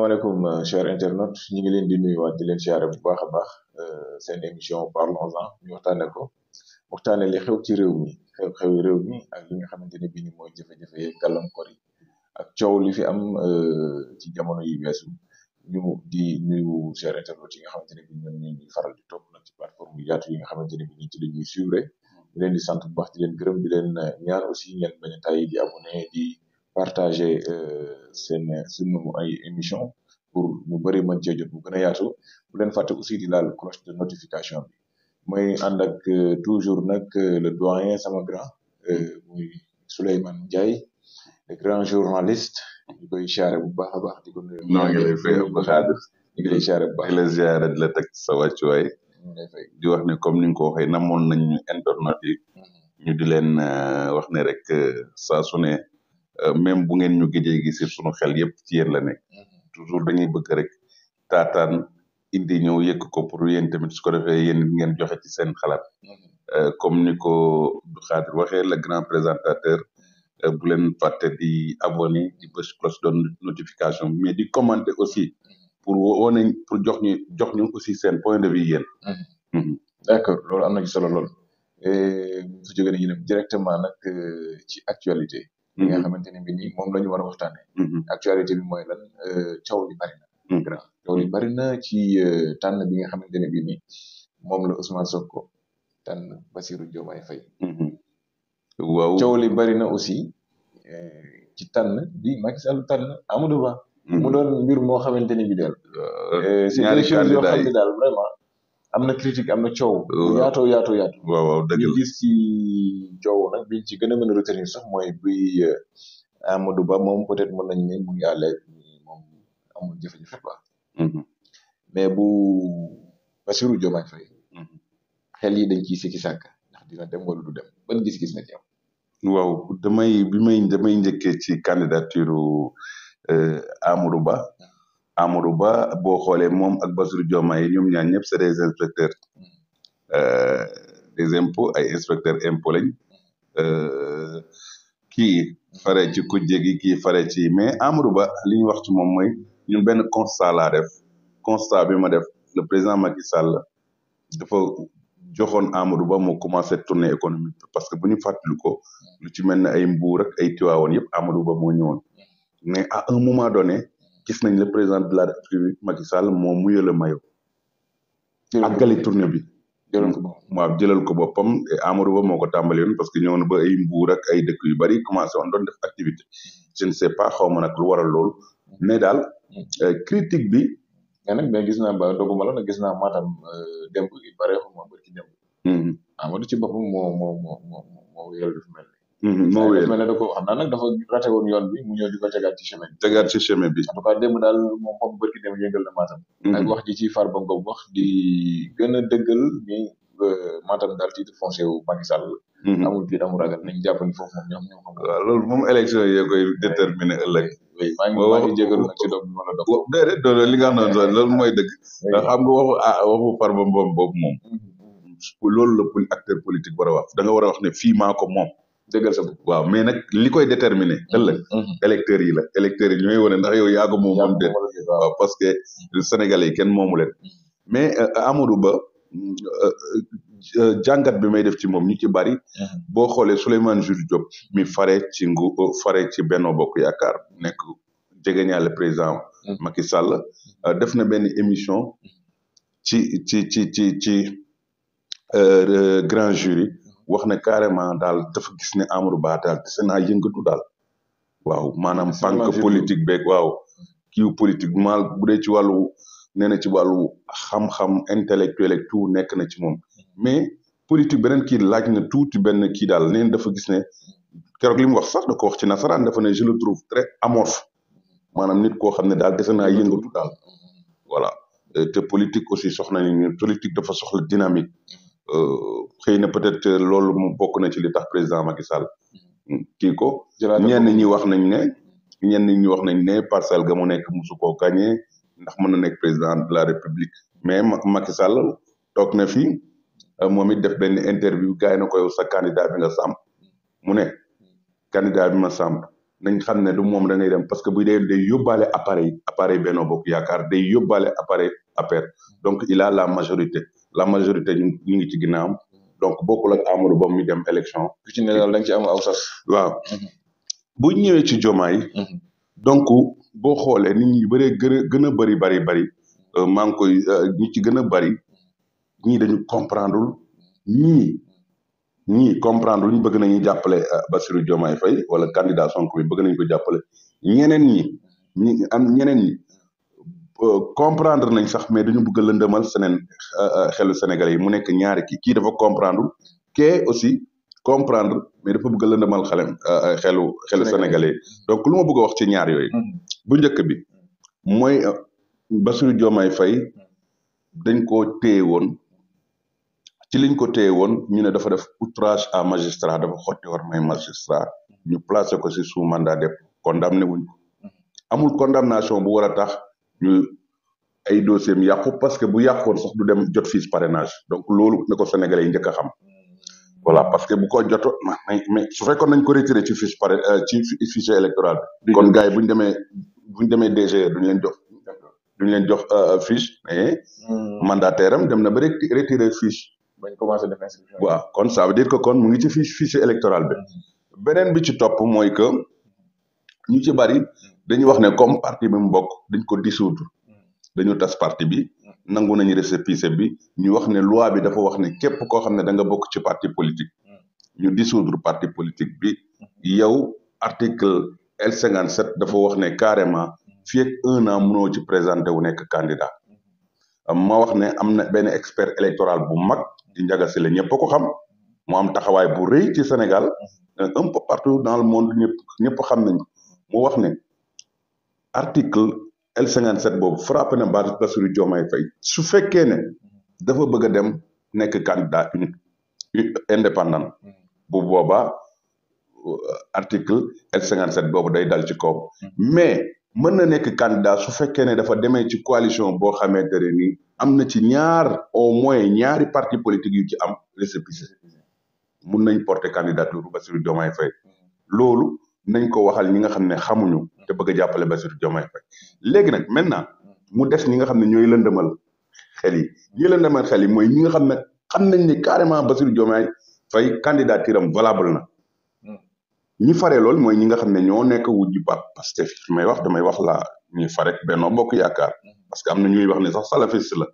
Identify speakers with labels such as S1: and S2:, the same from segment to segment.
S1: asalaamaaleykum euh, chers internautes ñu ngi leen di nuyuwaat di leen siyaare bu baax a baax euh, seen émission a en ñu waxtaane ko waxtaane li xew ci réew mi xew-xew réew mi a li nga xamante ne bii ni mooy jafe-jafe yeeg ak coow li fi am euh, ci jamono yi weesu ñu di nuyu chers internautes yi nga xamante ne bii faral di topp nag ci plateforme yu yaatu yi nga xamante ne bii ñu ci la ñuy leen di sant bu baax di leen gërëm di leen ñaan aussi ngeen bañ a di abonné partager euh, seen sunu ay émission pour ñu bëri mën cee jot bu gën a yaatu bu leen fàtte aussi di laal cloche de notification bi mooy ànd ak euh, toujours nag euh, le doyen sama grand muy Souleymane Ndiaye le grand journaliste ñu koy siyaare bu baax a baax di ko nuyu. ngi lay fay bu
S2: xaadir ñu ngi lay bu baax di la la teg sa wàccuwaay di wax ne comme ni nga ko waxee namoon nañ ñu internet yi. Mm-hmm. ñu di leen wax ne rek saa Euh, même bu ngeen ñu gëjee gi si sunu xel yëpp ci yéen la nekk mm-hmm. toujours dañuy bëgg rek taataan indi ñëw yëkk ko pour yéen tamit su ko defee yéen ngeen joxe ci seen xalaat mm-hmm. euh, comme ni ko du xaadir waxee le grand présentateur mm-hmm. euh, bu leen fàtte di abonné di bës cloche de notification mais di commenter aussi pour wone pour jox ñu jox ñu aussi seen point de vue yéen d' accord
S1: am na ci solo lool fu jógee ñu dem directement nag ci actualité li nga mhm. xamante ne bi nii moom la ñu war a waxtaanee. Mhm. actualité bi mooy lan euh, coow li bari na. Mhm. bari na ci euh, tànn bi nga xamante ne bi nii moom la Ousmane Sonko tànn Bassirou Diomaye Faye. waaw coow li bari na aussi euh, ci tànn bi Macky Sall tànn Amadou Ba. mu doon mbir moo xamante ne bi daal.
S3: ñaari candidats yi
S1: am na critique am na coow. yaatoo yaatoo yaatoo. waaw waaw dëgg la nag biñ ci gën a mën a retenir sax mooy bi euh, Amadou Ba moom peut être mën nañ ne mu ngi à l'aise moom amul jafe-jafe mm-hmm. mais bu Bassirou Diomaye Faye. Mm-hmm. xel yi
S2: dañ ciy sikki ndax dina dem wala du dem
S1: ban gis-gis nga ci am.
S2: waaw damay bi may damay njëkkee ci candidature euh, Amadou Ba. Ah. Amadou Ba boo xoolee moom ak Bassirou Diomaye ñoom ñaar ñëpp c'est des inspecteurs euh, des impôts ay inspecteurs impôts lañ euh, kii fare ci kujje gi kii fare ci mais Amadou li ñu wax moom mooy ñun benn constat laa def constat ma def le président Macky Sall dafa joxoon Amadou Ba mu commencé tournée économique parce que bu ñu fàttali ko lu ci mel ne ay Mbour ak ay Tivaouane yëpp Amadou Ba moo ñëwoon mais à un moment donné gis nañ le président de la république Macky Sall moo muyal le maillot. a tournée bi. jëlal ko boppam waaw jëlal ko boppam Amadou Ba moo ko tàmbali woon parce que ñëw na ba ay Mbour ak ay dëkk yu bari commencé woon doon def activité je ne sais pas xaw ma nag lu waral lool mais daal mm. euh, critique bi. mais nag gis naa ba doguma la nag gis naa Matam euh, démb gi bare xaw ma ci démb. Mm-hmm.
S1: mel Mhm, moo wéer mel ne da ko xam naa nag dafa raté woon yoon bi mu ñëw di ko tegaat ci chemin bi
S2: tegaat ci chemin bi en
S1: tout cas démb daal moom moom bërki dem yëngal na maatam mhm. wax ji ci Farba Ngom wax di gën a dëggal ni euh, maatam daal titre foncier wu Macky Sall mhm. amul tiit amul ragal nañ jàpp foofu moom ñoom ñoom xam waaw loolu moom
S2: élection yi koy déterminé a maa ngi maa ngi jégalu ci doom bi ma li nga xam ne loolu mooy dëgg. ndax xam nga waxu ah waxu Farba Ngom boobu moom. loolu la acteur politique war a wax da nga war a wax ne fii maa ko moom. dëggal sa waaw mais nag li koy déterminer mm-hmm. ëllëg mm-hmm. électeurs yi la électeurs yi ñooy wane ndax yow yaa ko moom moom déet parce que sénégalais yi kenn moomu leen mm-hmm. mais euh, Amadou Ba euh, euh, jàngat bi may def ci moom ñu ci bari boo xoolee Souleymane Jules Diop mi fare ci ngu fare ci Benno Bokk Yaakaar nekk jegeñaale président Macky Sall def na benn émission ci ci ci ci ci grand jury wax ne carrément daal dafa gis ne Amadou Ba daal dese naa yëngatu daal waaw maanaam banque politique beeg waaw kiiw politique mal bu dee ci wàllu nee na ci wàllu xam-xam intellectuel ak tout nekk na ci moom mais politique beneen kii laaj na tuuti benn kii daal neen dafa gis ne keroog li mu wax sax da ko wax ci nasaraan dafa ne je le trouve très amorphe maanaam nit koo xam ne daal dese naa yëngatu daal voilà euh, te politique aussi soxna ni politique dafa soxla dynamique Euh, xëy na peut-être loolu mu bokk na ci li tax président Macky Sall mm. kii ko ñenn ñi wax nañ ne mm. ñenn ñi wax nañ ne parcelle ga mu nekk musu koo gagné ndax mën na nekk président de la république mais Macky Sall toog na fi euh, moom it def benn interview gars yi na koy sa candidat bi nga sàmp mu ne candidat bi ma sàmp nañ xam ne du moom da ngay dem parce que bu dee day yóbbaale appareil appareil Benno Bokk Yaakaar day yóbbaale appareil APR e mm. donc il la la majorité la majorité ñu ñu ngi ci ginnaawam donc bokkul ak Amadou Ba mi dem élection. ku ci ne daal ci am aw sas. waaw mhm. bu ñëwee ci jomaay. Mhm. donc boo xoolee nit ñi bëree gën a gën a bëri bëri bari euh, maa koy euh, ñi ci gën a bëri ñii dañu comprendre ñii ñii comprendre ñu bëgg nañu jàppale euh, Bassirou Diomaye fay wala candidat Sonko bi bëgg nañu ko jàppale ñeneen ñi am ñeneen ñi. Euh, comprendre nañ sax mais dañu bëgg a lëndëmal seneen euh, euh, xelu sénégal yi mu nekk ñaari kii kii dafa comprendre kee aussi comprendre mais dafa bëgg a lëndëmal xelu xelu Sénégalais yi donc lu ma bëgg wax ci ñaar yooyu mm-hmm. bu njëkk bi mooy Bassirou Diomaye fay dañ ko téye woon ci liñ ko téye woon ñu ne dafa def outrage à magistrat dafa xotti war may magistrat ñu placé ko si sous mandat de condamné wuñ ko mm-hmm. amul condamnation bu war tax ñu ay dossier am yàqu parce que bu yàqoon sax du dem jot fiche parrainage donc loolu ne ko sénégalais yi njëkk a xam voilà parce que bu ko joto mais su fekkoon nañ ko retiré ci fiche pare euh, ci fichier électoral bi kon gars yi bu ñu demee bu ñu demee DG duñu leen jox ñu leen jox euh, fiche mais hmm. mandataire am dem na ba retiré fiche bañ commencé def waaw kon ça veut kon mu ngi ci fiche fichier électoral bi hmm. beneen bi ci topp mooy que ñu ci bari hmm. dañuy wax ne comme parti bi mu bokk dañ ko dissoudre dañu tas parti bi nangu nañu récépissé bi ñu wax ne loi bi dafa wax ne képp koo xam ne da nga bokk ci parti politique ñu dissoudre parti politique bi yow article L cinquante sept dafa wax ne carrément fii ak un an ci présenté wu nekk am ma wax ne am na benn expert électoral bu mag di Ndiaga Sylla ñëpp a ko xam mu am taxawaay bu rëy ci Sénégal un peu dans le monde ñëpp ñëpp xam nañ mu wax ne article l set boobu frappé na Bassirou Diomaye Faye su fekkee ne dafa bëgg a dem nekk candidat indépendant bu boobaa euh, article L57 boobu day dal ci kaw mais mën na nekk candidat su fekkee ne dafa demee ci coalition boo xamante ne nii am na ci ñaar au moins ñaari parti politique yu ci am récépissé mun nañ porter candidature Bassirou Diomaye Faye loolu nañ ko waxal ñi nga xam ne xamuñu te bëgg a jàppale Bassirou Diomaye Faye léegi nag maintenant mu des ñinga xam ne ñooy lëndëmal xel yi ñi lëndëmal xel yi mooy ñi nga xam ne xam nañ ni carrément Bassirou Diomaye Faye candidature am valable na ñi fare lool mooy ñi nga xam ne ñoo nekk wujj ba Pastef may wax damay wax la ñuy fare Benno Bokk Yaakaar parce que am na ñuy wax ne sax salafiste la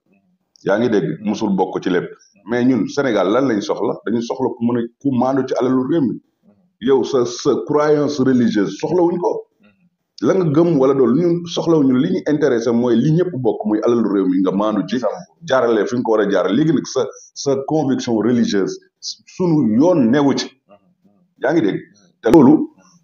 S2: yaa ngi dégg musul bokk ci lépp mais ñun Sénégal lan lañ soxla dañu soxla ku mën a ku ci alalu réew yow sa sa croyance religieuse soxla wuñ ko la nga gëm wala dool ñun soxlawuñu li ñu intéressé mooy li ñëpp bokk muy alalu réew mi nga maandu ci jaarale fi nga ko war a jaarale léegi nag sa sa conviction religieuse sunu yoon newu ci yaa ngi dégg te loolu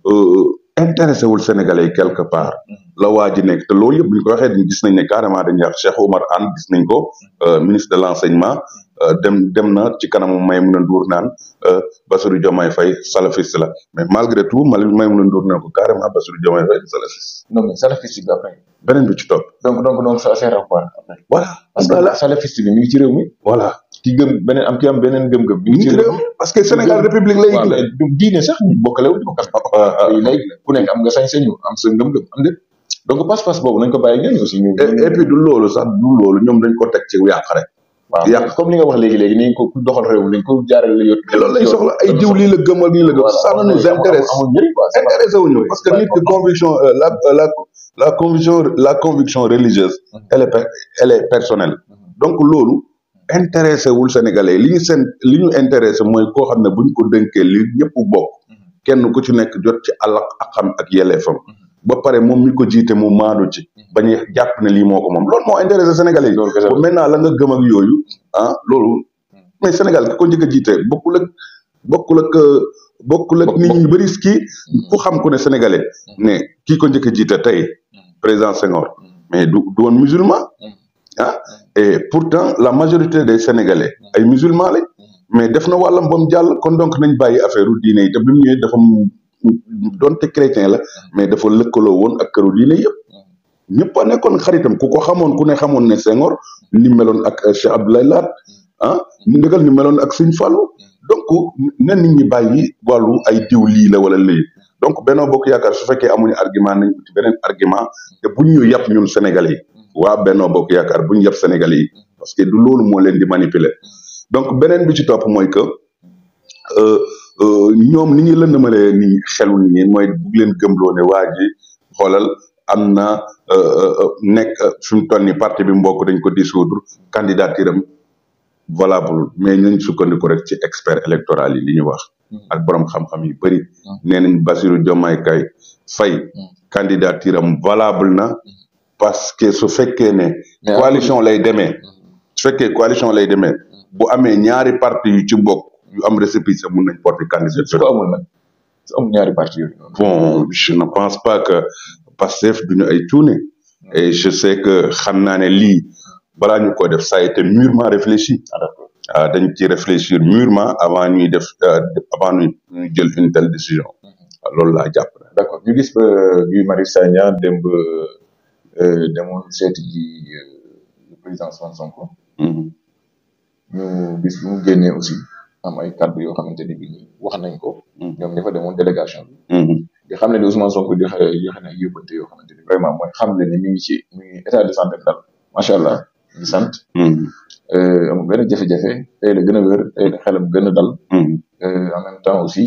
S2: euh, intéressé wul sénégal yi quelque part la waa ji nekk te loolu yëpp bu ñu ko waxee gis nañ ne carrément dañuy wax Cheikh Oumar Anne gis nañ ko euh, ministre de l'enseignement Euh, dem dem na ci kanamu Maïmouna Ndour naan euh, Bassirou Diomaye Faye salafiste la mais malgré tout Maïmouna Ndour naan ko carrément Bassirou Diomaye Faye salafiste. non mais salafiste bi après. beneen bi ci topp. donc donc donc ça c'est
S1: rapport après. voilà parce que salafiste ngi ci réew mi. voilà ki gëm beneen am ki am beneen gëm-gëm. mi ngi parce que Sénégal république laïque la. diine sax ñu bokkale wu ah, ah. am nga sañ-sañu am sa ngëm-ngëm am déet. donc passe passe boobu nañ ko bàyyi ngeen aussi. ñu et puis du
S2: loolu sax du loolu ñoom dañ ko teg ci yàq waaw comme ni nga wax léegi léegi ni ko doxal réew mi ni ko jaaree la yóbbu. loolu lay soxla ay diw lii la gëmal lii la gëm ça ne nous intéresse intéressé wuñu parce que nit que conviction euh, la euh, la la conviction la conviction religieuse. Mhm. elle est elle mhm. donc loolu intéressé wul sénégalais li ñu seen li ñu intéressé mooy koo xam ne buñ ko dénkee li ñëpp bokk. Mhm. kenn ku ci nekk jot ci àll ak xam ak yelleefam. ba pare moom mi ko jiite mu maandu ci mm. bañ a jàpp ne lii moo ko moom loolu moo intéressé Sénégalais yi. loolu maintenant la nga gëm ak ah, loolu. Mm. mais Sénégal ki ko njëkk a jiite bokkul ak bokkul ak euh, bokkul ak nit ñu bëri kii mm. ku xam ku ne sénégalais ne kii ko njëkk a jiite tey président Senghor mais du du woon musulman ah et pourtant la majorité des sénégalais ay musulman lañ mais def na wàllam ba mu kon donc nañ bàyyi affaire diine yi te dafa donte chrétien la mais dafa lëkkaloo woon ak këru diine yëpp ñëpp a nekkoon xaritam ku ko xamoon ku ne xamoon ne Senghor ni meloon ak euh, Cheikh Abdoulaye Laat ah ndëgal ni meloon ak Sëñ Fallou donc na nit ñi bàyyi wàllu ay diw lii la wala lii donc Benno Bokk Yaakaar su fekkee amuñu argument nañ uti beneen argument te bu ñu yàpp ñun Sénégalais yi waa Benno Bokk Yaakaar bu ñu yàpp Sénégalais yi parce que du loolu moo leen di manipuler donc beneen bi ci topp mooy que. Euh, Euh, ñoom ni ñuy lëndamalee ni xelu nit ñi mooy bu leen gëmloo ne waa xoolal am na euh, euh, nekk fi mu toll nii parti bi mbokk dañ ko dissoudre candidature am valable mais ñu sukkandiku rek ci expert électoral yi li ñu wax. Hmm. ak borom xam-xam yu bëri. Hmm. nee nañ Bassirou Diomaye Kay Faye. Hmm. candidature valable na. parce que su fekkee ne. coalition lay demee. su fekkee coalition lay demee. bu amee ñaari parti yu ci bokk. yu am récépissé mun nañ porter candidature. su ko amul nag su amul ñaari parti yooyu. bon je ne pense pas que du duñu ay cuune. et je sais que xam naa ne lii balaa ñu ko def ça a été mûrement réfléchi. ah, ah dañ ci réfléchir mûrement avant ñuy def euh, avant ñuy jël une telle décision. Mm-hmm. Ah, loolu laa jàpp na. ñu gis ba euh, Guy Marius Sagna démb euh, demoon seeti ji ñu
S1: mm-hmm. gis aussi. am ay kàddu yoo xamante ni bi wax nañ ko mm-hmm. ñoom ñi fa demoon délégation bi mm-hmm. di xam ne ni ma Sonko joxe joxe na yóbbante yoo xamante ni vraiment mooy xam ne ni mi ngi ci mi ngi état de santé daal macha allah ñu sant mm-hmm. euh, amul benn jafe-jafe tey la gën a wér tey la xelam gën a dal euh, en même temps aussi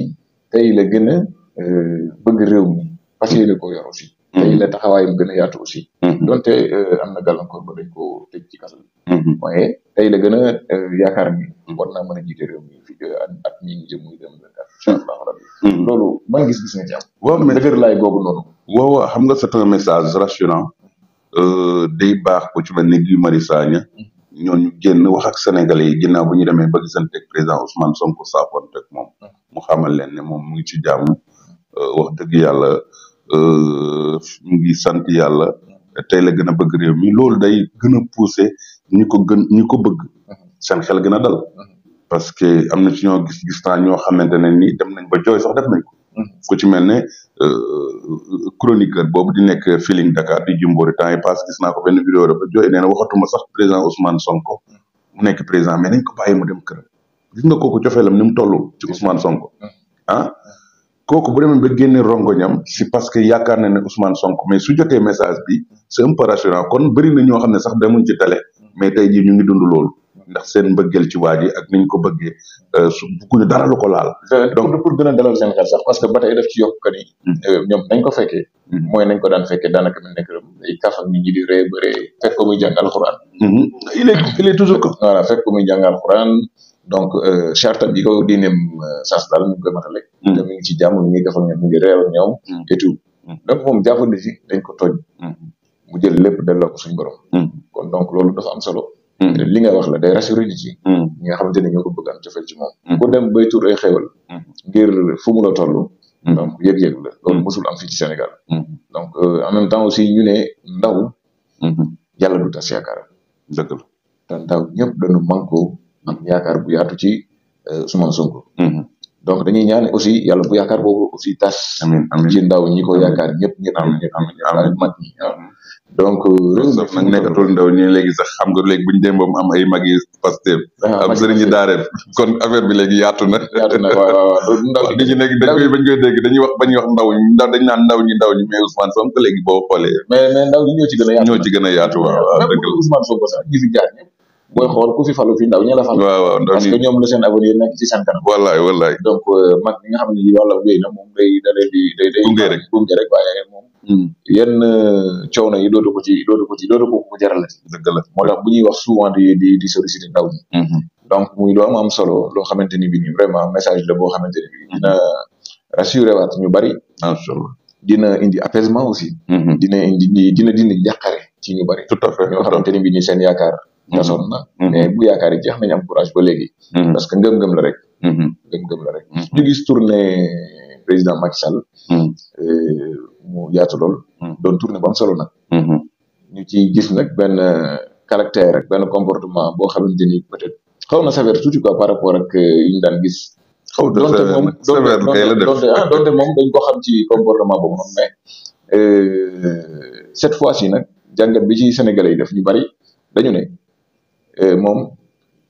S1: tey la gën a euh, bëgg réew mi fas yéene ko yor aussi te it la mm-hmm. taxawaayam gën a yaatu aussi. Mm-hmm. donte euh, am na gàllankoor koo tëj ci kaso bi. Mm-hmm. waaye tey gën a euh, yaakaar ni. war naa mën a jiite réew mi
S2: fii euh, at mii ñu jëm muy dem man gis-gis nga ci
S1: am. waaw mais dëgër laay googu
S2: noonu. waaw xam nga c'est un message rassurant. day baax ku ci mel ni Guy Marius Sagna. ñooñu génn wax ak sénégalais yi ginnaaw bu ñu demee ba gisante ak président Ousmane Sonko saafoon rek moom. mu xamal leen ne moom mu ngi ci jàmm. wax dëgg yàlla. mu euh, ngi sant yàlla tey la gën a bëgg réew mi day gën a pousser ñi ko gën ñi ko bëgg seen xel gën a dal parce que am na ci ñoo gis gis naa ñoo xamante ne ni dem nañ ba jooy sax def nañ ko ku ci mel ne euh, chroniqueur boobu di nekk Feeling Dakar di jimboori temps yi passe gis naa ko benn vidéo dafa jooy nee na waxatuma sax président Ousmane Sonko mu nekk président mais nañ ko bàyyi mu dem kër gis nga kooku cofeelam ni mu toll ci Ousmane Sonko ah kooku bu demee ba génne rongoñam si parce que yaakaar na ne Ousmane Sonko mais su jotee message bi c'est un peu kon bëri na ñoo xam ne sax demuñ ci télé mais tey jii ñu ngi dund loolu ndax seen mbëggeel ci waa ji ak niñ ko bëggee euh, su bugguñu dara lu ko laal. donc pour gën a dalal parce que ba tey daf ci yokk que ni. Hmm. Euh, ñoom
S1: nañ ko fekkee. Hmm. mooy nañ ko daan fekkee daanaka mu nekk ay kaf ak nit ñi di ree bëree fekk ko fekk ko muy donc euh, charte bi ko diineem euh, daal mu ngi koy matale. Mm. te mi ngi ci jàmm mi ngi def ak ñoom mi ngi réew ak ñoom. Mm. et mm. donc moom jàpp na ci dañ ko toj. mu jël lépp delloo ko suñu borom. kon donc loolu dafa am solo. li nga wax la day rassuré nit yi. nga xamante ne ñoo ko bëgg am cofeel ci moom. ku dem bay tur ay xéwal. ngir fu fii ci Sénégal. donc euh, en même temps aussi ñu ne ndaw. Mm-hmm. yàlla du tas yaakaar. dëgg la te ndaw ñëpp am yaakaar bu yaatu ci euh, Ousmane Sonko. Mm-hmm. donc dañuy ñaan aussi yàlla bu yaakaar boobu aussi tas. amiin amiin ci ndaw ñi
S2: ko yaakaar ñëpp ñëpp. amiin amiin donc euh, réew mi nag ndaw ñi léegi sax xam nga léegi buñ ñu dem ba am ay mag ah, yi Pastef am sëriñ daareem kon affaire bi léegi yaatu na. yaatu na waaw waaw ndaw ñi ci nekk dañ koy bañ koy dégg dañuy wax bañuy wax ndaw ñi ndaw dañ naan ndaw ñi daw ñi mais Ousmane Sonko léegi boo xoolee.
S1: mais mais ndaw ñi ñoo ci gën a yaatu. ñoo ci
S2: gën a yaatu waaw waaw dëgg la
S1: Ousmane Sonko sax booy xool ku fi falu fi ndaw ña la fal waaw parce que ñoom la seen avenir nekk ci seen kanam wallaay wallaay donc euh, mag ñi nga xam ni wàllam wéy na moom day da leen di day day gunge rek hmm. euh, yi dootu ko ci dootu ci dootu ko ko jaralati la moo tax bu ñuy wax souvent di di di solliciter ndaw ñi hmm, hmm. donc muy lu am am solo loo xamante ni bi ni vraiment message la boo xamante ni bi dina waat ñu bari inshallah dina indi apaisement aussi dina indi dina dindi njàqare ñu bari tout ni bi ni seen yaakaar gasoon na mm-hmm. mais bu yaakaar yi jeex nañu am courage ba léegi mm-hmm. parce que ngëm-ngëm la rek mm-hmm. ngëm-ngëm la rek ñu gis tournée président Macky Sall euh, mu yaatu lool doon tournée bu am solo nag ñu ci gis nag benn euh, caractère ak benn comportement boo xamante ni peut-être xaw na sévère tuuti quoi par rapport ak euh, yi ñu daan gis xaw donte moom ah, donte moom dañ ko xam ci comportement boobu noonu mais cette fois ci nag jàngat bi ci Sénégalais yi def ñu bari dañu ne Euh, moom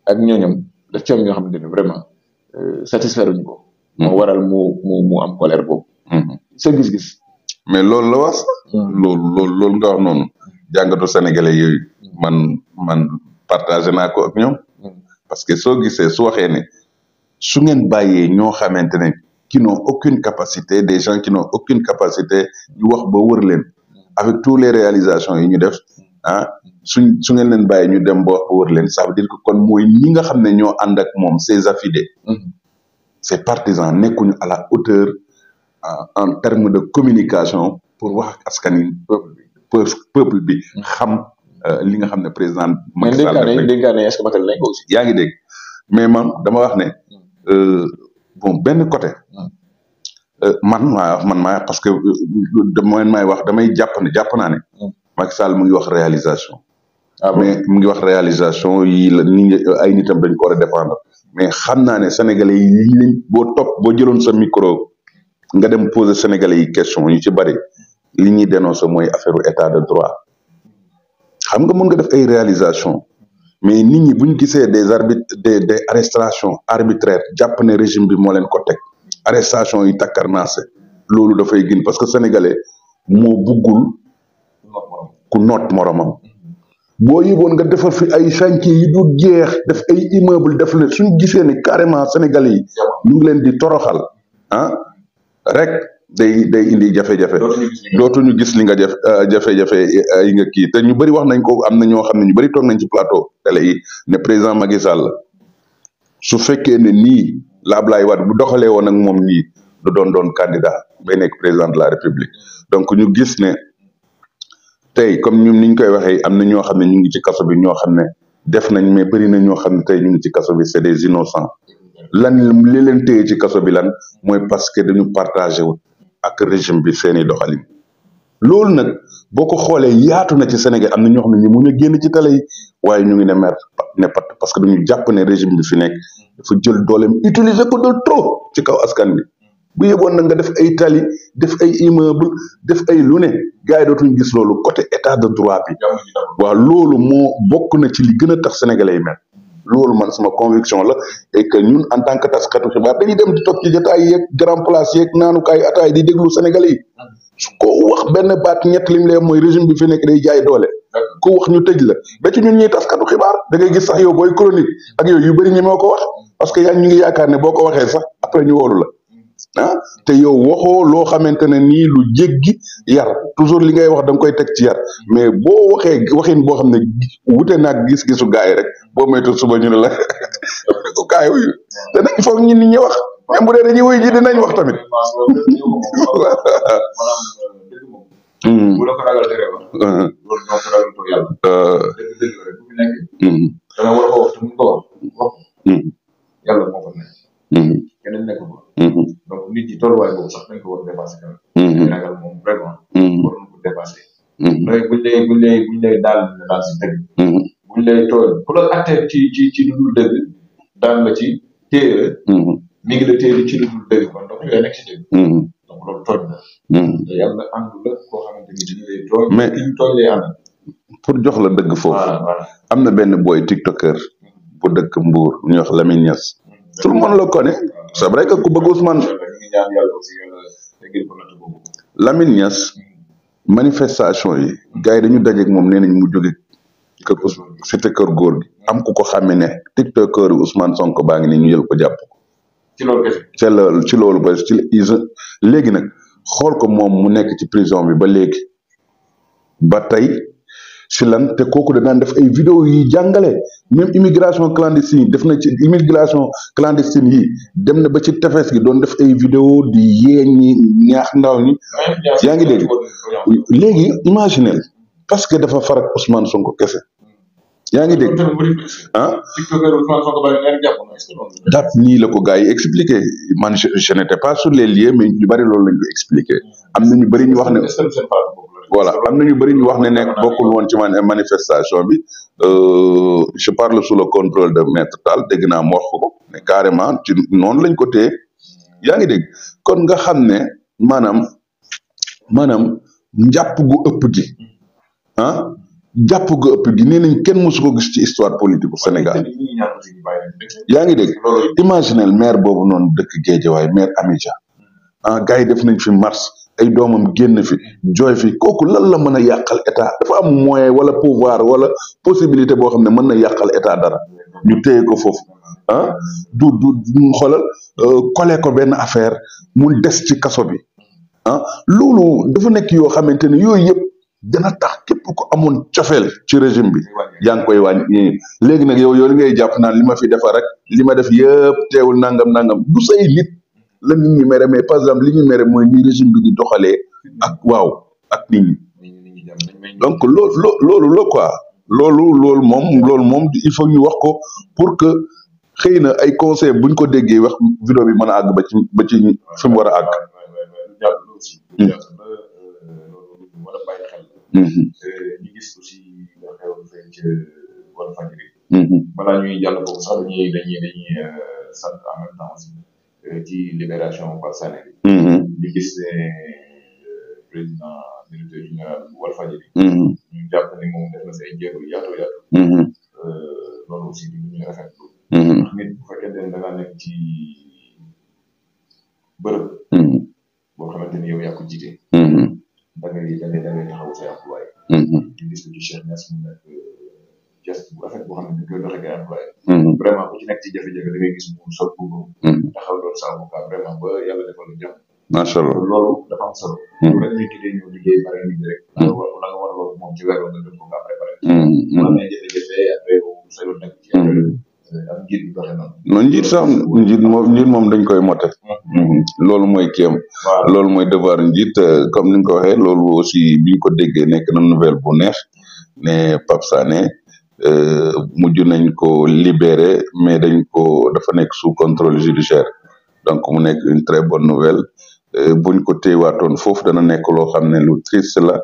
S1: ak ñooñam daf ci am ñoo xamante ne vraiment
S2: euh, satisfaire wuñu ko. Mm-hmm. moo waral mu mu am colère boobu. Mm-hmm. sa gis-gis. mais loolu la wax. Mm-hmm. loolu loolu loolu nga wax noonu. jàngatu sénégalais yooyu. man man partagé naa ko ak ñoom. parce que soo gisee su waxee ne su ngeen bàyyee ñoo xamante ne qui n'ont aucune capacité des gens qui aucune capacité ñu wax ba wër leen. avec tous les réalisations yi ñu def ah suñ su ngeen leen bàyyi ñu dem ba wër leen ça veut dire que kon mooy ñi nga xam ne ñoo ànd ak moom ses affidés mhm. ces partisans nekkuñu à la hauteur ah, en termes de communication pour wax askan yi peuple peuple bi mhm. xam euh, li nga xam ne président Macky Sall mais dénkaane est-ce que matal nañ ko aussi yaa ngi dégg mais man dama wax ne mhm. euh, bon benn côté euh, man maa man maa parce que dama may wax damay jàpp ne naa ne Macky Sall mu ngi wax réalisation. Ah mais mu ngi wax réalisation yi la ni ay nitam dañ ko war mais xam naa ne sénégalais yi lii lañ boo topp boo jëloon sa micro nga dem poser sénégalais yi question yu ci bëri li ñuy dénoncer mooy affaire état de droit xam nga mën nga def ay réalisation mais nit ñi bu ñu gisee des arbitres des des arrestations arbitraires jàpp ne régime bi moo leen ko teg arrestation yi se loolu dafay gën parce que sénégalais moo buggul ku noot moroomam boo yëgoon nga defar fi ay chantier yi du jeex def ay immeuble def la suñ gisee ni carrément Sénégal yi ñu leen di toroxal ah rek day day indi jafe-jafe ñu gis li nga euh, jafe-jafe euh, yi nga kii te ñu bari wax nañ ko am na ñoo xam ne ñu bari toog nañ ci plateau télé yi ne président Macky Sall su fekkee ne nii la Ablaye Wade bu doxalee woon ak moom nii du doon doon candidat bay nekk président de la République donc ñu gis ne tey comme ñun ni ñu koy waxee am na ñoo xam ne ñu ngi ci kaso bi ñoo xam ne def nañ mais bëri na ñoo xam ne tey ñu ngi ci kaso bi c'est des innocents lan le leen téye ci kaso bi lan mooy parce que dañu partagé wu ak régime bi seeni doxalin loolu na boo ko xoolee yaatu na ci Sénégal am na ñoo xam ne ñu mun a génn ci tale yi waaye ñu ngi ne mer ne pat parce que dañu jàpp ne régime bi fi nekk dafa jël dooleem utiliser ko de trop ci kaw askan bi bu yeboon na nga def ay tali def ay immeuble def ay lu ne gars yi dootuñ gis loolu côté état de droit bi waaw loolu moo bokk na ci li gën a tax sénégalais yi mel loolu man sama conviction la et que ñun en tant que taskatu xibaar dañuy dem di toog ci jotaay yeeg grand place yeeg naanukaay ataay di déglu sénégalais yi su ko wax benn baat ñett lim lee mooy régime bi fi nekk day jaay doole ku wax ñu tëj la ba ci ñun ñuy taskatu xibaar da ngay gis sax yow booy chronique ak yooyu yu bëri ñi ko wax que yaa ñu ngi ne boo ko waxee sax après ñu wóolu la ah te yow waxoo loo xamante ne nii lu jéggi yar toujours li ngay wax da koy teg ci yar mais boo waxee waxin boo xam ne wute naag gis-gisu gaa yi rek boo moytu suba ñu ne la gaa yi te nag il faut ñun ñi wax même bu dee dañuy wuyu ji dinañ wax tamit.
S3: bu la ko ragal tere wax
S1: te nit yi tolluwaay boobu sax dañ a
S3: dëgg. buñ ci
S1: ci ci lu dul dëgg ci téere. ngi la téere ci lu dul
S2: jox la dëgg foofu. am na benn boy tiktoker. bu dëkk Mbour ñu wax Lamine Niass. tout le c'est vrai que ku bëgg Ousmane Lamine Niass manifestation yi gars yi dañu dajeeg moom nee nañ mu jóge kër Ousmane kër góor gi am ku ko xàmme ne tiktokeur yi Ousmane Sonko baa ngi ni ñu jël ko jàpp ko ci loolu ci loolu ci loolu léegi nag xool ko moom mu nekk ci prison bi ba léegi ba tey si lan te kooku danaan def ay vidéo yi jàngale même immigration clandestine def na ci immigration clandestine yi dem na ba ci tefes gi doon def ay vidéo di yee ñi ñaax ndaw ñi yaa ngi dégg léegi imaginel parce que dafa farak Ousmane Sonko kese yaa ngi dégg ah dap nii la ko gars yi expliqué man je n'étais pas sur les lieux mais ñu bari loolu lañ ko expliqué am na ñu bari ñu wax ne voilà am na ñu bëri ñu wax ne nekk bokkul woon ci man manifestation bi euh, je parle sous le contrôle de maître Tall dégg naa mu wax ko mais carrément ci noonu lañ ko téye yaa ngi dégg kon nga xam ne maanaam maanaam njàpp gu ëpp gi ah jàpp gu ëpp gi nee nañ kenn mosu gis ci histoire politique bu Sénégal yaa ngi dégg imaginel maire boobu noonu dëkk Guédiawaye maire Amidia ah gars yi def nañ fi mars ay doomam génn fi jooy fi kooku lan la mën a yàqal état dafa am moyen wala pouvoir wala possibilité boo xam ne mën na yàqal état dara ñu téye ko foofu ah du du xoolal euh, collé ko benn affaire mu des ci kaso bi ah loolu dafa nekk yoo xamante ne yooyu yëpp dana tax képp ko amoon cofeel ci régime bi yaa ngi koy wàññi eh, léegi nag yow yow li ngay jàpp naan li ma fi defa rek li ma def yëpp teewul nangam nangam du say nit la nit ñi mere mais par exemple li ñu mere mooy ni régime bi di doxalee waaw ak nit ñi donc loolu loo loolu la quoi loolu loolu moom loolu moom il faut ñu wax ko pour que xëy na ay conseil buñ ko déggee wax vidéo bi mën a àgg ba ci ba ci fi war a àgg ñu gis
S1: ci euh, libération Pape ñu mm-hmm. gis ne euh, président directeur général bu Walfadjri
S3: mm-hmm. ñu jàpp ne
S1: moom def na say jéego yaatu
S3: yaatu. Mm-hmm.
S1: Euh, loolu aussi du ñu rafetlu. nit bu ni yow yaa ko jiite. da ngay da ngay da ngay taxaw say employé. ñu geste bu rafet boo xam ne dañ koy doxee hmm. hmm. ba yàlla defal sa yoon hmm.
S3: nekk ci
S2: njiit sax njiit moom njiit dañ koy mote loolu mooy kéem loolu mooy devoir njiit euh, comme ni nga ko waxee loolu aussi biñ ko déggee nekk na nouvelle bu neex ne Pape Sané Euh, mujj nañ ko libéré mais dañ ko dafa nekk sous contrôle judiciaire donc mu nekk une très bonne nouvelle euh, buñ ko téewaatoon foofu dana nekk loo xam ne lu triste la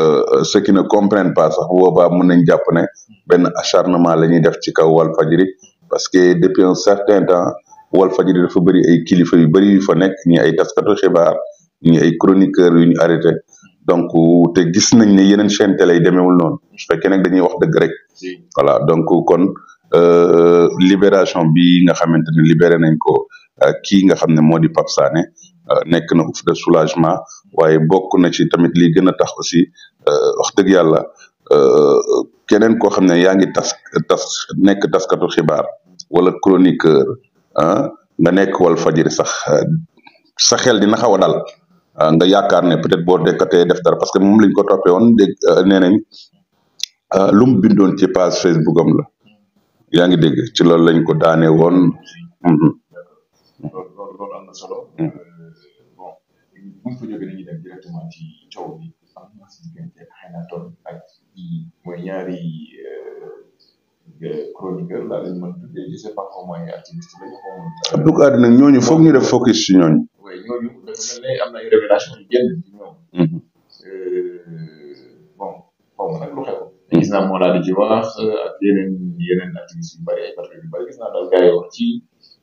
S2: euh, ceux qui ne comprennent pas sax boobaa mën nañ jàpp ne benn acharnement la ñuy def ci kaw Walfadjri parce que depuis un certain temps Walfadjri dafa bëri ay kilifa yu bëri fa nekk ñi ay taskatu xibaar ñi ay chroniqueurs yu ñu arrêté donc te gis nañ ne yeneen chaîne télé yi demeewul noonu su fekkee nag dañuy wax dëgg rek voilà donc kon euh, libération bi nga xamante ne libéré nañ ko euh, kii nga xam ne moo di Pape euh, nekk na ouf de soulagement waaye bokk na ci tamit li gën a tax aussi wax dëgg yàlla keneen koo xam ne yaa ngi tas tas nekk taskatu xibaar wala chroniqueur ah, nga nekk Walf Fadjri sax saxel dina xaw a dal Euh, nga yaakaar ne peut-être boo dekkatee def dara parce que moom lañ ko toppee woon dégg euh, nee nañ euh, lu bindoon ci page Facebook am la yaa ngi dégg ci loolu lañ ko daane woon. Mhm. loolu loolu am na solo. Mhm.
S1: chroniqueur laa leen mën tuddee je sais pas comment ay activiste lañu xaw
S2: ma. Abdou nag ñooñu foog si ne
S1: am na ay révélation yu génn ci ñoom.
S2: Mhm. Euh, bon xaw ma nag lu xew. gis naa Mawla di ci wax euh, ak yeneen
S1: yeneen activiste ci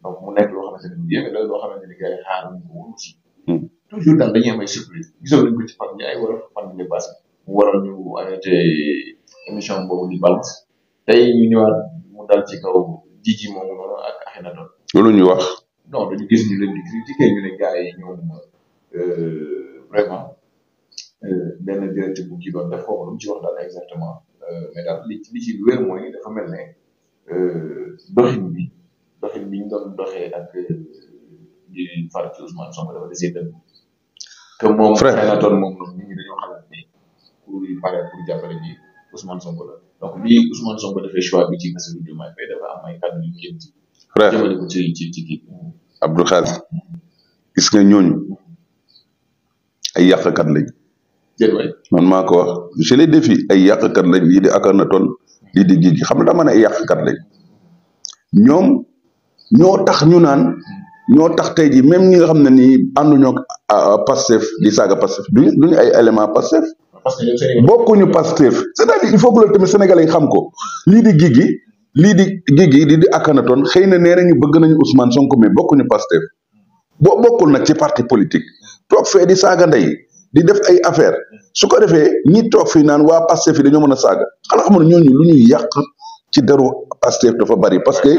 S1: donc mu nekk loo xamante ne bu yéeme la loo xamante ne mhm. toujours daal dañuy am surprise gisoon nañu ko ci Pape Ndiaye fan bi nga passé ñu arrêté émission boobu di balance. tey ñu ñëwaat mu dal ci kaw Djidji moomu noonu ak Akhenaton.
S2: loolu ñu wax. non dañu gis ñu leen di critiquer
S1: ñu ne gars yi ñoom euh, vraiment euh, benn directeur bu kii doon def ko lu wax daal exactement euh, mais daal li ci li ci mooy dafa mel ne doxin bi doxin bi ñu doxee ak di faral ci Ousmane Sonko dafa desee dëgg.
S3: que moom Akhenaton moom noonu
S1: ñu dañoo xalaat ni pour pare pour Sonko la. donc ni Ousmane Sonko defee choix bi ci ci. jëmale
S2: ko gis nga ñooñu ay yàqkat lañ. man maa ko wax je les défie ay yàqkat lañ lii di Akhenaton lii di Guy xam nga daa mën ay yàqkat lañ ñoom ñoo tax ñu naan ñoo tax tey jii même ñi nga xam ne nii ànduñoo ak ah, Pastef di saaga Pastef duñu duñu ay élément Pastef bokkuñu Pastef c'est-à-dire il faut que loolu tamit sénégalais yi xam ko lii di Guigui lii di Guigui lii di Akhenaton xëy na nee nañu bëgg nañu Ousmane Sonko mais bokkuñu Pastef boo bokkul nag ci parti politique toog fee di saaga ndey di def ay affaire su ko defee ñi toog fii naan waa Pastef yi dañoo mën a saaga xanaa xam ne ñooñu lu ñuy yàq ci deru Pastef dafa bari parce que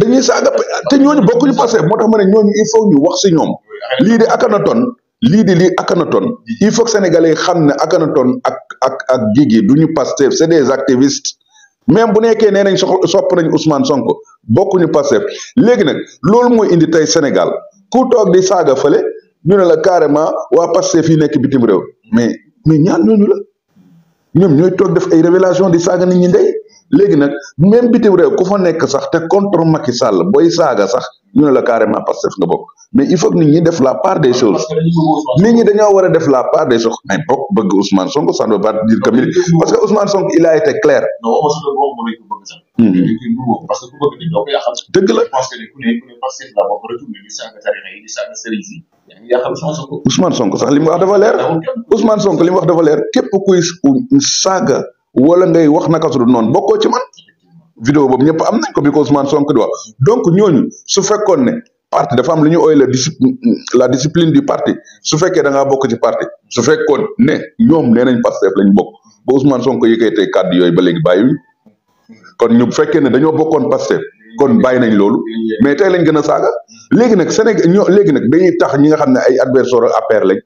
S1: dañuy saaga te ñooñu
S2: bokkuñu Pastef moo tax ma ne ñooñu il faut ñu wax si ñoom lii di Akhenaton lii di lii Akhenaton il faut que sénégalais xam ne Akhenaton ak ak ak Guigui du ñu Pastef c'est des activistes même bu nekkee nee nañ soxla sopp nañ Ousmane Sonko bokkuñu Pastef léegi nag loolu mooy indi tey Sénégal ku toog di saaga fële ñu ne la carrément waa Pastef yi nekk bitim réew mais mais ñaan ñooñu la ñoom ñooy toog def ay révélation de saaga nit ñi ndey léegi nag même bitim réew ku fa nekk sax te contre Macky Sall booy saaga sax ñu ne la carrément Pastef nga bokk mais il faut que ñi def la part des choses nit ñi dañoo war a def la part de choses ay bokk bëgg Ousmane Sonko ça ne veut pas dire que mili parce que Ousmane Sonko hmm. dëgg la. Ousmane Sonko sax li mu wax dafa leer Ousmane Sonko li wax dafa leer képp kuy saaga. wala ngay wax naka su dul noonu bokkoo ci man vidéo boobu ñëpp am nañ ko bi ko Ousmane Sonko di wax donc ñooñu su fekkoon ne parti dafa am lu ñu ooy la discipline la du parti su fekkee da ngaa bokk ci parti su fekkoon ne ñoom nee nañ Pastef lañ bokk ba Ousmane Sonko yëkkatee kàddu yooyu ba léegi bàyyiwuñ kon ñu fekkee ne dañoo bokkoon Pastef kon bàyyi nañ loolu mais tey lañ gën a saaga léegi nag Sénégal ñoo léegi nag dañuy tax ñi nga xam ne ay adversaire APR lañ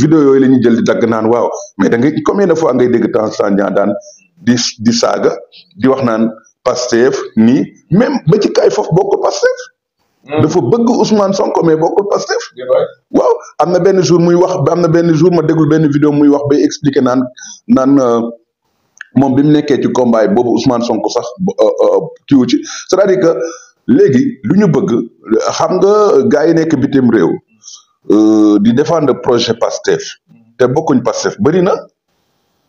S2: vidéo yooyu la ñuy jël di dagg naan waaw mais da ngay combien de fois ngay dégg temps Tandian daan di di saaga di wax naan Pastef nii même ba ci kaay foofu bokkul Pastef hmm. dafa bëgg Ousmane Sonko mais bokkul Pastef waaw am na benn jour muy wax am na benn jour ma déglu benn vidéo muy wax bay expliqué naan naan euh, moom bi mu nekkee ci combat yi boobu Ousmane Sonko sax euh, euh, euh, kiiwu ci c'est-à-dire que léegi lu ñu bëgg xam nga gars yi nekk bitim réew di défendre projet PASTEF te bokkuñ PASTEF bëri na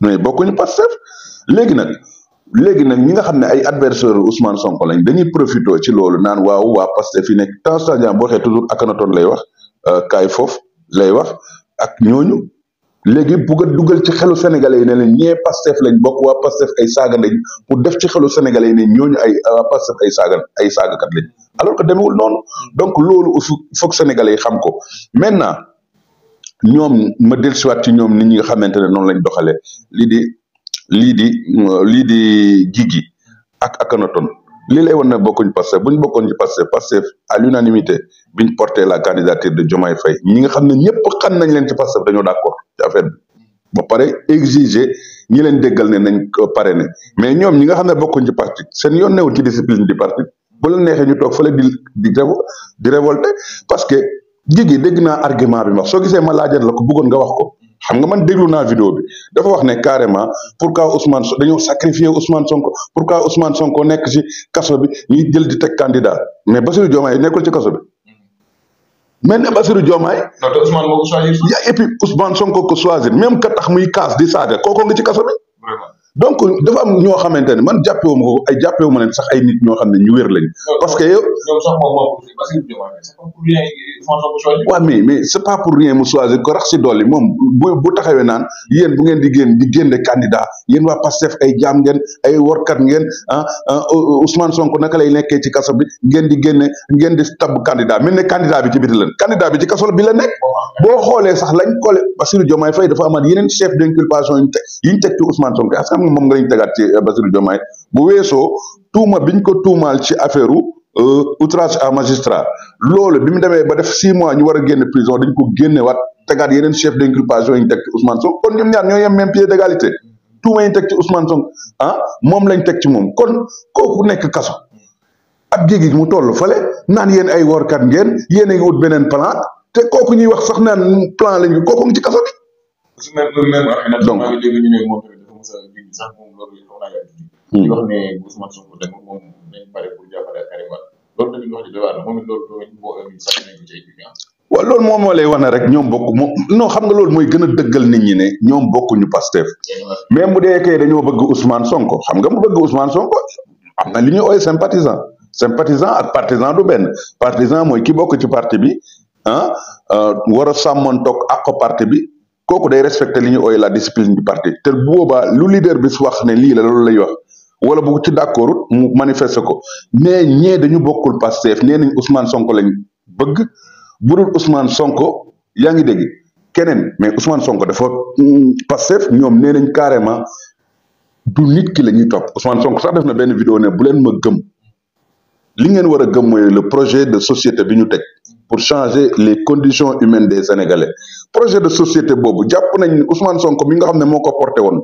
S2: mais bokkuñ PASTEF léegi nag léegi nag ñi nga xam ne ay adversaire Ousmane Sonko lañ dañuy profité ci loolu naan waaw waa PASTEF yi nekk temps stadian boo xee toujours Akhenaton lay wax kaay foofu lay wax ak ñooñu léegi bugg a dugal ci xelu sénégale yi ne leen ñee pastef bok bokk waa pastef ay saaga lañ pour def ci xelu sénégalais yi ne ñooñu ay waa pastef ay saaga ay saagakat lañ alors que demewul noonu donc loolu aussi foog sénégalais yi xam ko maintenant ñoom ma dellusiwaat ci ñoom nit ñi nga xamante ne noonu lañ doxalee lii di lii di lii di Guigui ak Akhenaton lii lay wan ne bokkuñ Pastef buñ bokkoon ci Pastef Pastef à l'unanimité biñ porté la candidature de Diomaye Faye ñi nga xam ne ñëpp xam nañ leen ci Pastef dañoo d'accord ci affaire bi ba pare exiger ñi leen déggal ne nañ ko ne mais ñoom ñi nga xam ne bokkuñ ci parti seen yoon newul ci discipline du parti bu la neexee ñu toog fële di di di révolté parce que jigi dégg naa argument bi max soo gisee ma laajal la ko bëggoon nga wax ko xam nga man déglu naa vidéo bi dafa wax ne carrément pourquoi Ousmane dañoo sacrifier Ousmane Sonko pourquoi Ousmane Sonko nekk ci kaso bi ñuy jël di teg candidat mais ba Bassirou Diomaye nekkul ci kaso bi.
S3: mais ne Bassirou Diomaye.
S2: non te Ousmane Sonko ko choisir même ka tax muy kaas di saaga kooko nga ci kaso donc dafa am ñoo xamante ne man jàppewu ma ko ay jàppewu ma leen sax ay nit ñoo xam ne ñu wér lañ. parce que yow. waaw mais mais c' est pas pour rien mu choisir ko rax si dolli moom bu bu taxawee naan yéen bu ngeen di génn di génne candidat yéen waa ay jaam ngeen ay workat ngeen ah, ah Ousmane Sonko naka lay nekkee ci kaso bi ngeen di génne ngeen di tabb candidat mel ne candidat bi ci biti lan candidat bi ci kaso bi la nekk. boo xoolee sax lañ collé Bassirou d' inculpation yu ñu teg yu ñu teg ni moom nga lañu tegaat ci eh, Bassirou bu weesoo tuuma biñ ko tuumaal ci affaire euh, outrage a magistrat loolu bi mu demee ba def six mois ñu war a génn prison dañ ko génne waat tegaat yeneen chef d'inculpation yi ñu teg ci Ousmane Sonko kon ñoom ñaar ñoo yem même pied d'égalité tuuma yi teg ci Ousmane Sonko ah moom lañ teg ci moom kon kooku nekk kaso ab jéegi mu toll fale naan yéen ay workat ngeen yéen a ngi wut beneen plan te kooku ñuy wax sax naan plan lañu kooku ngi ci
S1: sax moom loolu xaw naa yàgg tuuti. di wax
S2: loolu moom moo lay wax rek ñoom bokk moom non xam nga loolu mooy gën a dëggal nit ñi ne ñoom bokkuñu Pastef mais mu dee kay dañoo bëgg Ousmane Sonko xam nga mu bëgg Ousmane Sonko am na li ñuy ooy sympathisant sympathisant ak partisan du benn partisan mooy ki bokk ci parti bi ah euh, war a sàmmoon toog ak parti bi kooku day respecté li ñu ooy la discipline du parti te bu boobaa lu leader bi su wax ne lii la loolu lay wax wala bu ti d'accord mu manifester ko mais ñee dañu bokkul Pastef nee nañ Ousmane Sonko lañ bëgg bu dul Ousmane Sonko yaa ngi dégg keneen mais Ousmane Sonko dafa mm, Pastef ñoom nee nañ carrément du nit ki la ñuy topp Ousmane Sonko sax def na benn vidéo ne bu leen ma gëm li ngeen war a gëm mooy le projet de société bi ñu teg pour changer les conditions humaines des Sénégalais projet de société boobu jàpp nañ Ousmane Sonko mi nga xam ne moo ko porté woon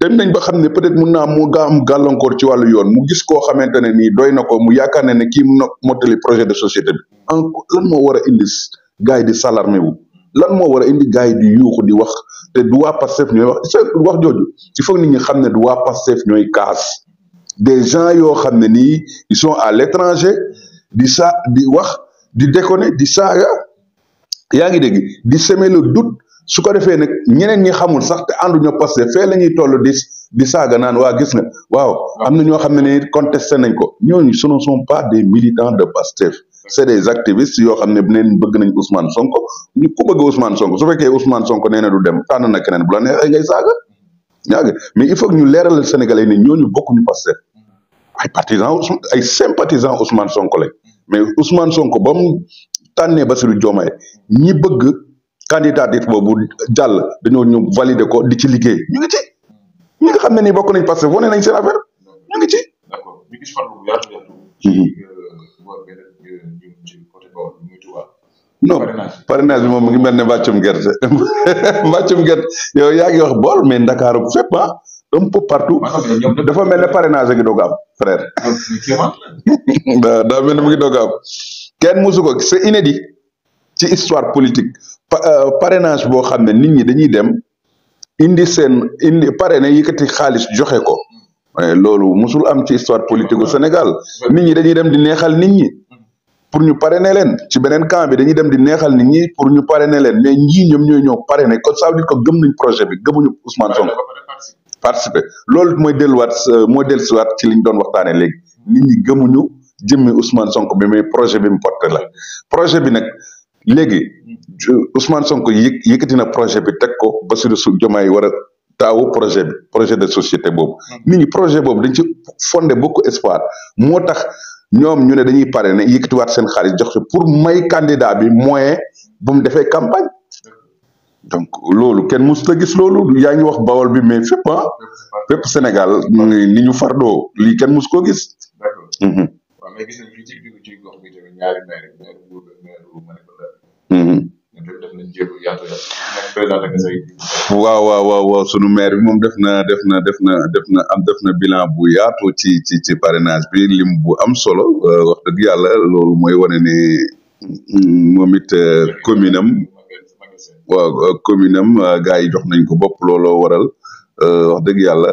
S2: dem nañ ba xam ne peut-être mun naa mu gaa am gàllankoor ci wàllu yoon mu gis koo xamante ne nii doy na ko mu yaakaar ne ne kii no mottali projet de société bi lan moo war a indi gars yi di salarmé wu lan moo war a indi gars yi di yuuxu di wax te du waa Pastef ñooy wax c' wax jooju il faut nit ñi xam ne du waa Pastef kaas des gens yoo xam ne nii ils sont à l' étranger di sa di wax di déconner di saaga yaa ngi dégg di semer le doute su ko defee nag ñeneen ñi xamul sax te ànduñu Pastef fee la ñuy toll di di saaga naan waa gis nga waaw am na ñoo xam ne ni contesté nañ ko ñooñu ce ne sont pas des militants de Pastef c'est des activistes yoo xam ne neen bëgg nañ Ousmane Sonko ñu ku bëgg Ousmane Sonko su fekkee Ousmane Sonko nee na du dem tànn na keneen bu la neexee ngay saaga yaa ngi mais il faut que ñu leeralal Sénégalais ne ñooñu bokkuñu Pastef ay partisans ay sympathisants Ousmane Sonko lañ mais Ousmane Sonko ba mu tànnee Bassirou Diomaye ñi bëgg candidature boobu jàll dañoo ñu valider ko di ci liggéey ñu ngi ci ñi nga xam ne nii bokk nañ parce que wane nañ seen affaire ñu ngi ci. d'accord ñu gis moom mu ngi mel ne mbàccum gerte mbàccum gerte yow yaa ngi bool mais Ndakaaru fépp ah un peu partout dafa mel ne parrainage a ngi ah. daa mel ne mu ngi doog kenn mosu ko c'est inédit ci histoire politique euh, parrainage boo xam ne nit ñi dañuy dem indi seen indi parrainé yëkkati xaalis joxe ko loolu mosul am ci histoire politique u Sénégal nit ñi dañuy dem di neexal nit ñi pour ñu parrainer leen ci beneen camp bi dañuy dem di neexal nit ñi pour ñu parrainer leen mais ñii ñoom ñooy ñoo parrainer kon ça veut dire gëm nuñ projet bi gëmuñu Ousmane Sonko participer loolu mooy delluwaat euh, mooy dellusiwaat ci liñ doon waxtaanee léegi nit ñi gëmuñu jëmmi usman Sonko bi muy projet bi mu porté la projet bi nag léegi Ousmane Sonko yi yëkkati na projet bi teg ko Bassirou Diomaye war a taawu projet bi projet de société boobu. Hmm. nit ñi projet boobu dañ ci fondé beaucoup espoir moo tax ñoom ñu ne dañuy pare ne yëkkatiwaat seen xaalis jox ko pour may candidat bi moyen bu mu defee campagne. donc loolu kenn mosut a gis loolu yaa ñu wax bawol bi mais fépp ah. fépp Sénégal ni ñu fardoo lii kenn mos koo gis. d'accord. Mhm. mais gis nañ fii ci ci gox bi tamit sunu maire bi moom def na def na def na def na am na bilan bu yaatu ci ci ci parrainage bi lim bu am solo euh, wax dëgg yàlla loolu mooy wane ne moom it euh, commune am waaw euh, commune am gars yi jox nañ ko bopp waral wax dëgg yàlla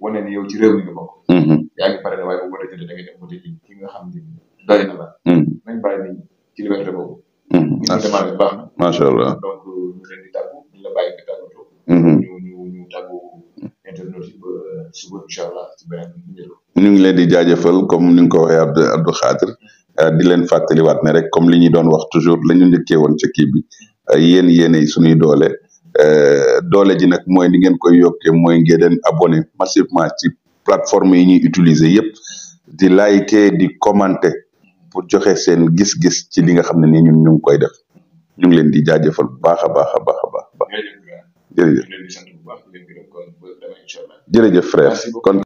S1: wane ne yow ci réew mi nga bokk. Mm-hmm. yaa ngi pare ne waaye bu wootee jëlee da ngay dem wote ji ki nga xam mm-hmm. mm-hmm. macha allah baax na.
S2: macha di ngi leen di jaajëfal comme ni nga ko waxee Abdou euh, di leen fàttaliwaat ne rek comme li ñuy doon wax toujours la ñu njëkkee woon ca kii bi yéen yéenay suñuy doole. Euh, doole ji nag mooy ni ngeen koy yokkee mooy ngeen leen abonné massivement ci plateforme yi ñuy utiliser yëpp di liker di commenter pour joxe seen gis-gis ci li nga xam ne nii ñun ñu ngi koy def ñu ngi leen di jaajëfal bu baax a baax a baax a baax jërëjëf jërëjëf frère kon